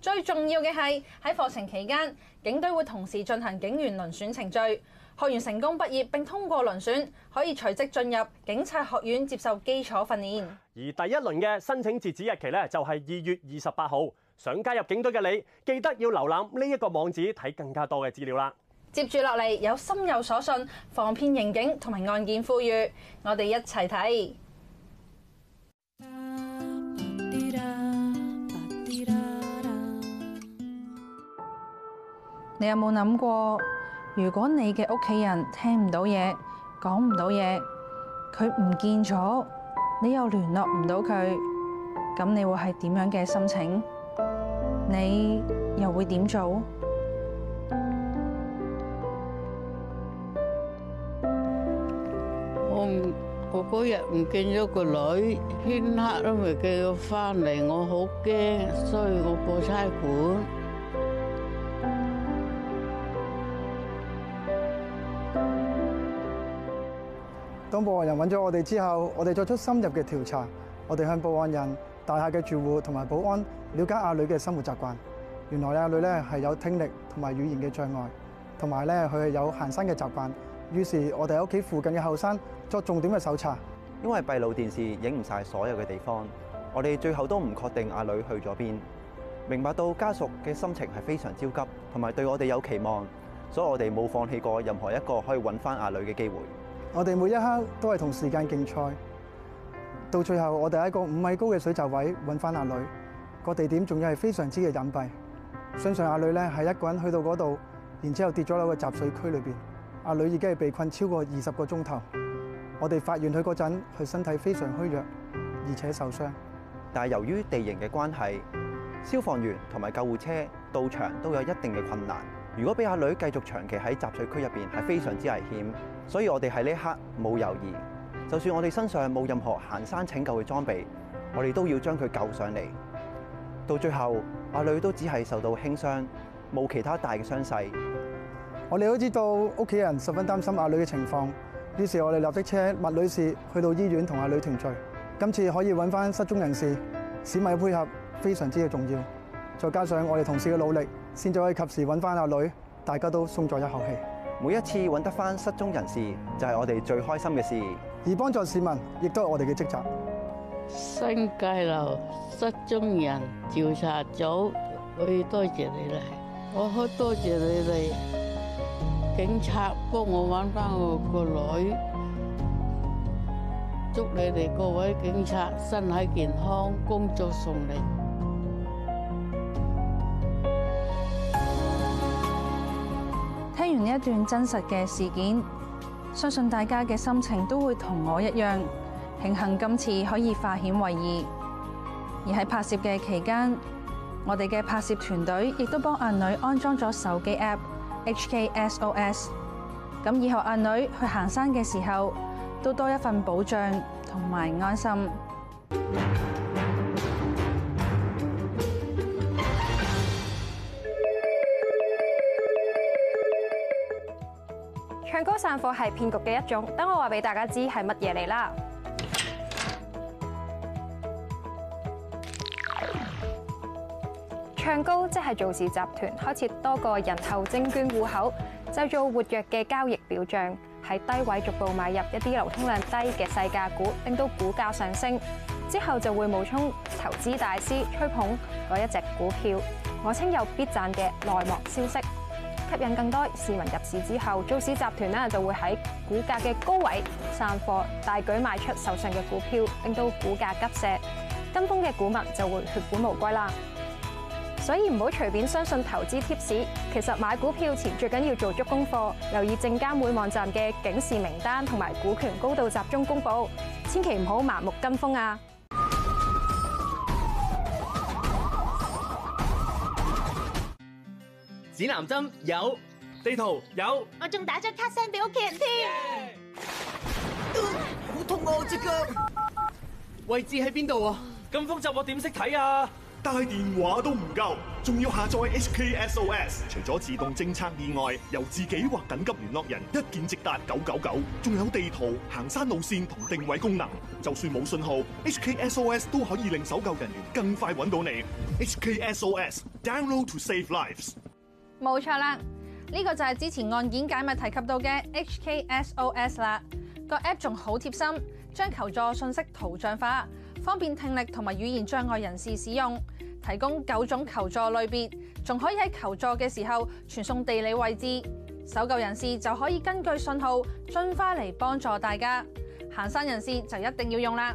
最重要嘅係喺課程期間，警隊會同時進行警員輪選程序。學員成功畢業並通過輪選，可以隨即進入警察學院接受基礎訓練。而第一輪嘅申請截止日期咧，就係二月二十八號。想加入警隊嘅你，記得要瀏覽呢一個網址睇更加多嘅資料啦。接住落嚟有心有所信、防騙刑警同埋案件呼籲，我哋一齊睇。你有冇諗過，如果你嘅屋企人聽唔到嘢，講唔到嘢，佢唔見咗，你又聯絡唔到佢，咁你會係點樣嘅心情？你又會點做？我唔，我嗰日唔見咗個女，天黑都未叫翻嚟，我好驚，所以我過差館。當報案人揾咗我哋之後，我哋作出深入嘅調查，我哋向報案人、大廈嘅住戶同埋保安了解阿女嘅生活習慣。原來阿女咧係有聽力同埋語言嘅障礙，同埋咧佢係有行山嘅習慣。於是，我哋喺屋企附近嘅後山作重點嘅搜查，因為閉路電視影唔晒所有嘅地方，我哋最後都唔確定阿女去咗邊。明白到家屬嘅心情係非常焦急，同埋對我哋有期望，所以我哋冇放棄過任何一個可以揾返阿女嘅機會。我哋每一刻都係同時間競賽，到最後我哋喺個五米高嘅水閘位揾翻阿女個地點，仲要係非常之嘅隱蔽。相信阿女呢係一個人去到嗰度，然之後跌咗落個集水區裏面。阿女已經係被困超過二十個鐘頭。我哋發現佢嗰陣，佢身體非常虛弱，而且受傷。但由於地形嘅關係，消防員同埋救護車到場都有一定嘅困難。如果俾阿女繼續長期喺集水區入面，係非常之危險。所以我哋喺呢刻冇猶豫，就算我哋身上冇任何行山拯救嘅裝備，我哋都要將佢救上嚟。到最後，阿女都只係受到輕傷，冇其他大嘅傷勢。我哋都知道屋企人十分擔心阿女嘅情況，於是，我哋立即車麥女士去到醫院同阿女團聚。今次可以揾翻失蹤人士，市民配合非常之嘅重要。再加上我哋同事嘅努力，先至可以及時揾翻阿女，大家都鬆咗一口氣。每一次揾得返失蹤人士，就係、是、我哋最開心嘅事。而幫助市民，亦都係我哋嘅職責。新界樓失蹤人調查組，我要謝我多謝你哋。我好多謝你哋警察幫我揾返我個女。祝你哋各位警察身體健康，工作順利。一段真實嘅事件，相信大家嘅心情都會同我一樣。慶幸今次可以化險為夷。而喺拍攝嘅期間，我哋嘅拍攝團隊亦都幫阿女安裝咗手機 App HK SOS。咁以後阿女去行山嘅時候，都多一份保障同埋安心。唱高散貨係騙局嘅一種，等我話俾大家知係乜嘢嚟啦。唱高即係造市集團開設多個人頭、證券戶口，製造活躍嘅交易表象，喺低位逐步買入一啲流通量低嘅細價股，令到股價上升，之後就會冒充投資大師吹捧嗰一隻股票，我稱有必賺嘅內幕消息。吸引更多市民入市之後，造市集團呢就會喺股價嘅高位散貨，大舉賣出手上嘅股票，令到股價急瀉，跟風嘅股民就會血本無歸啦。所以唔好隨便相信投資 tips，其實買股票前最緊要做足功課，留意證監會網站嘅警示名單同埋股權高度集中公布，千祈唔好盲目跟風啊！指南針有，地圖有，我仲打咗 card 聲俾屋企人添。好痛啊我隻腳。位置喺邊度啊？咁複雜我點識睇啊？但係電話都唔夠，仲要下載 HK SOS。除咗自動偵測意外，由自己或緊急聯絡人一鍵直達九九九。仲有地圖、行山路線同定位功能，就算冇信號，HK SOS 都可以令搜救人員更快搵到你。HK SOS，download to save lives。冇錯啦，呢個就係之前案件解密提及到嘅 HKSOS 啦。個 app 仲好貼心，將求助信息圖像化，方便聽力同埋語言障礙人士使用。提供九種求助類別，仲可以喺求助嘅時候傳送地理位置，搜救人士就可以根據信號，盡快嚟幫助大家。行山人士就一定要用啦。